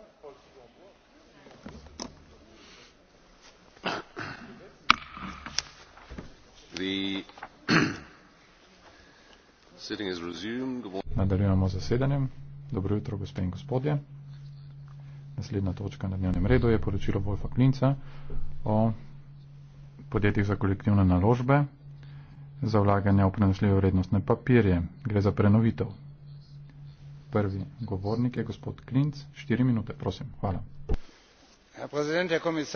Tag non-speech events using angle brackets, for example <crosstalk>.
<clears throat> Nadaljujemo z zasedanjem. Dobro jutro, gospe in gospodje. Naslednja točka na dnevnem redu je poročilo Wolfa Klinca o podjetjih za kolektivne naložbe za vlaganje v prenosljive vrednostne papirje. Gre za prenovitev. Prvi govornik je gospod Klinc. Štiri minute, prosim. Hvala.